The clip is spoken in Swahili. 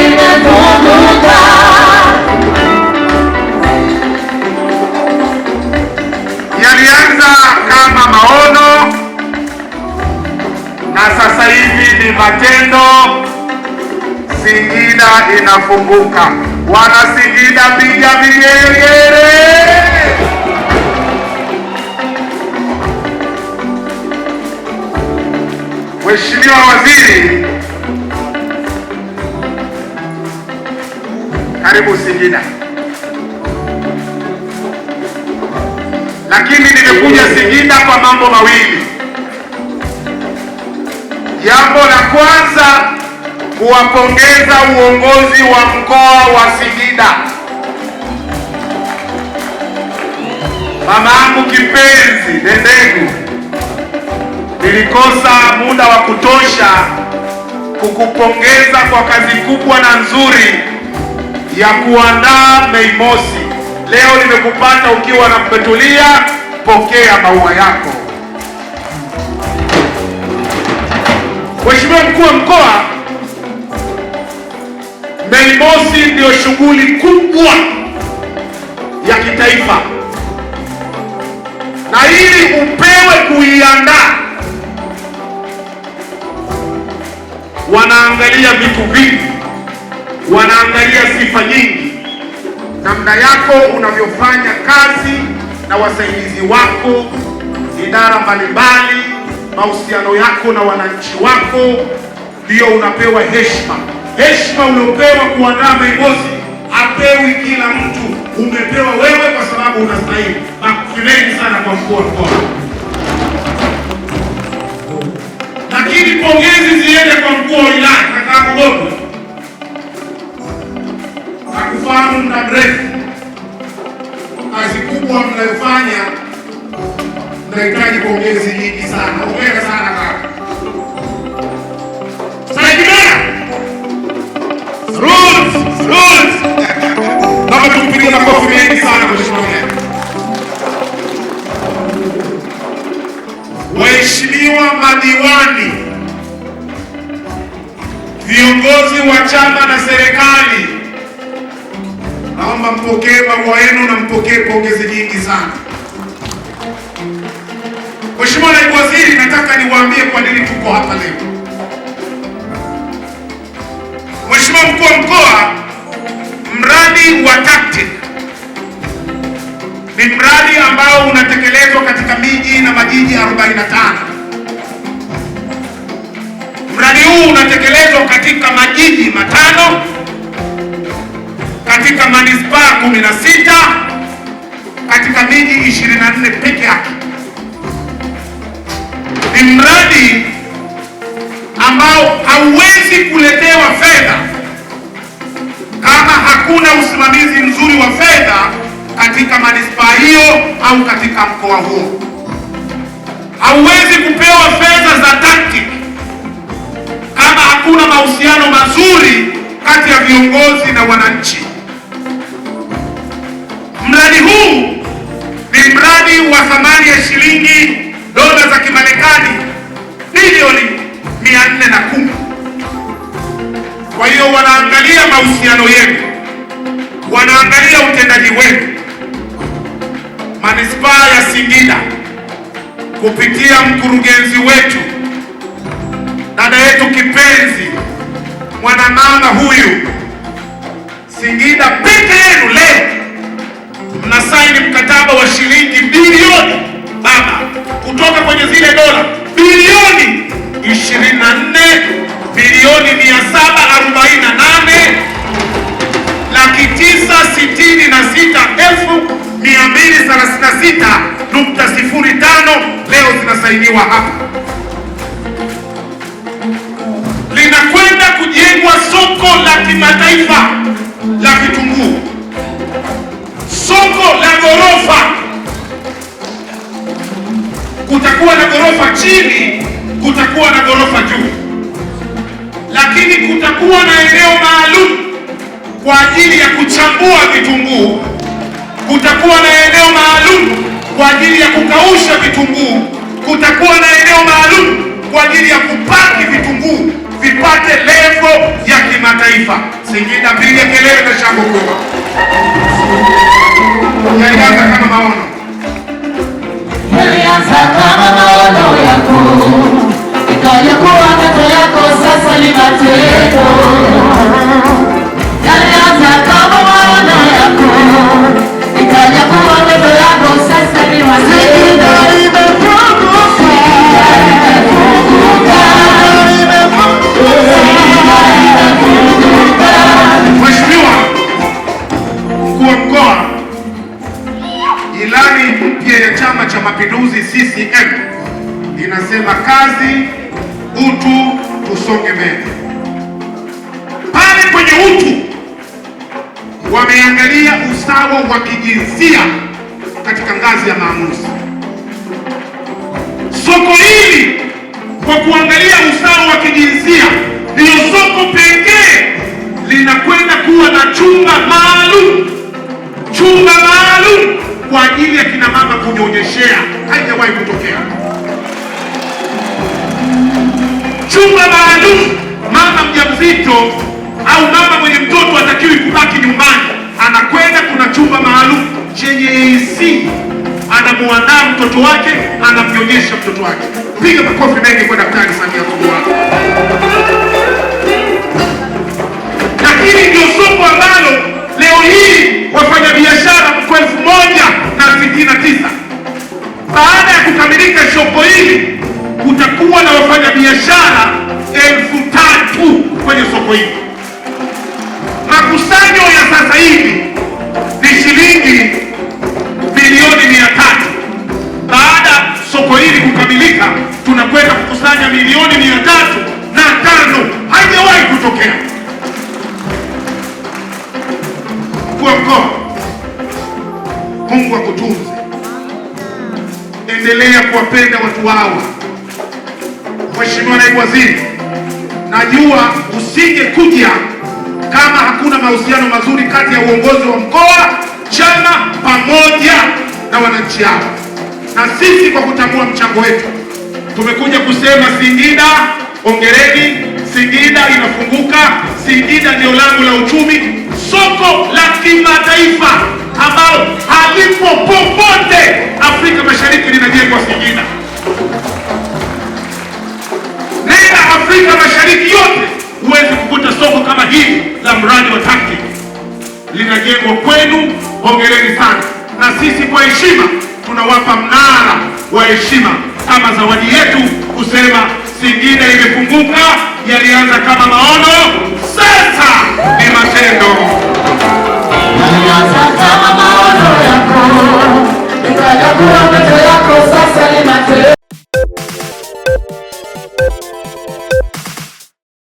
imefunguka, yalianza kama maono na sasa hivi ni matendo. Singida inafunguka, wana Singida piga vigelegele. Mheshimiwa Waziri karibu Singida, lakini nimekuja Singida kwa mambo mawili. Jambo la kwanza kuwapongeza uongozi wa mkoa wa Singida, mamaangu kipenzi dendegu nilikosa muda wa kutosha kukupongeza kwa kazi kubwa na nzuri ya kuandaa Mei Mosi. Leo nimekupata ukiwa na kumetulia, pokea maua yako. Mheshimiwa mkuu wa mkoa, Mei Mosi ndiyo shughuli kubwa ya kitaifa, na ili upewe kuiandaa, wanaangalia vitu vingi namna yako unavyofanya kazi na wasaidizi wako, idara mbalimbali, mahusiano yako na wananchi wako, ndio unapewa heshima. Heshima uliopewa kuandaa viongozi apewi kila mtu, umepewa wewe kwa sababu unastahili. Makeleni sana kwa mkuu wa mkoa, lakini pongezi ziende kwa mkuu wa wilaya Kakaagogwe mnafahamu muda mrefu, kazi kubwa mnayofanya mnahitaji pongezi nyingi sana. Hongera sana kaka Waheshimiwa madiwani, viongozi wa chama na serikali mpokee barua yenu na mpokee pongezi nyingi sana. Mheshimiwa Naibu Waziri, nataka niwaambie kwa nini tuko hapa leo. Mheshimiwa Mkuu wa Mkoa, mradi wa TACTIC ni mradi ambao unatekelezwa katika miji na majiji 45 mradi huu unatekelezwa katika majiji matano katika manispaa 16 katika miji 24 peke yake. Ni mradi ambao hauwezi kuletewa fedha kama hakuna usimamizi mzuri wa fedha katika manispaa hiyo au katika mkoa huo. Hauwezi kupewa fedha za tactic kama hakuna mahusiano mazuri kati ya viongozi na wananchi. ununuzi wa thamani ya shilingi dola za Kimarekani bilioni 410. Kwa hiyo wanaangalia mahusiano yetu, wanaangalia utendaji wetu. Manispaa ya Singida kupitia mkurugenzi wetu dada yetu kipenzi mwanamama huyu Singida peke yenu leo mnasaini mkataba wa shilingi bilioni baba, kutoka kwenye zile dola bilioni 24 bilioni 748 laki tisa elfu nukta leo zinasainiwa hapa. Linakwenda kujengwa soko la kimataifa la vitunguu soko la ghorofa, kutakuwa na ghorofa chini, kutakuwa na ghorofa juu, lakini kutakuwa na eneo maalum kwa ajili ya kuchambua vitunguu, kutakuwa na eneo maalum kwa ajili ya kukausha vitunguu, kutakuwa na eneo maalum kwa ajili ya kupaki vitunguu vipate levo ya kimataifa. Singida, piga kelele na shangwe kubwa yalianza kama maono, yalianza kama maono yako, ikaja kuwa ndoto yako, sasa ni matendo. CCM inasema kazi, utu, tusonge mbele. Pale kwenye utu wameangalia usawa wa kijinsia katika ngazi ya maamuzi. Soko hili kwa kuangalia usawa wa kijinsia ndiyo soko pekee linakwenda kuwa na chumba maalum, chumba maalum kwa ajili ya kina mama kunyonyeshea haijawahi kutokea. Chumba maalum mama mjamzito au mama mwenye mtoto atakiwi kubaki nyumbani, anakwenda kuna chumba maalum chenye AC, anamwandaa mtoto wake, anamnyonyesha mtoto wake. Piga makofi mengi kwa Daktari Samia Suluhu Baada ya kukamilika soko hili kutakuwa na wafanyabiashara elfu tatu kwenye soko hili. Makusanyo ya sasa hivi ni shilingi bilioni mia tatu. Baada soko hili kukamilika, tunakwenda kukusanya milioni mia tatu na tano. Haijawahi kutokea. kuendelea kuwapenda watu wao. Mheshimiwa Naibu Waziri, najua usije kuja kama hakuna mahusiano mazuri kati ya uongozi wa mkoa, chama pamoja na wananchi hao, na sisi kwa kutambua mchango wetu tumekuja kusema Singida ongereni, Singida inafunguka, Singida ndio lango la uchumi, soko la kimataifa ambalo halipo popote Afrika Mashariki linajengwa Singida. Nenda Afrika Mashariki yote huwezi kukuta soko kama hili la mradi wa TACTIC linajengwa kwenu. Hongereni sana, na sisi kwa heshima tunawapa mnara wa heshima kama zawadi yetu kusema Singida imefunguka, yalianza kama maono Gracias.